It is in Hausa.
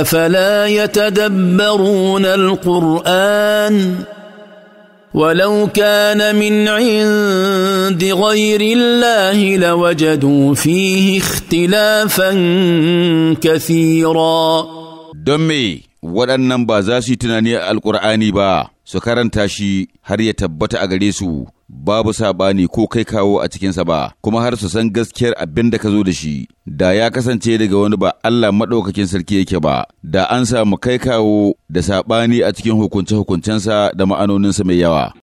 افلا يتدبرون القران ولو كان من عند غير الله لوجدوا فيه اختلافا كثيرا don me waɗannan ba za su yi tunani a Alƙur'ani ba su karanta shi har ya tabbata a gare su babu saɓani ko kai kawo a cikinsa ba kuma har su san gaskiyar abin da ka zo da shi da ya kasance daga wani ba Allah maɗaukakin sarki yake ba da an samu kai kawo da saɓani a cikin hukunce-hukuncensa da ma'anoninsa mai yawa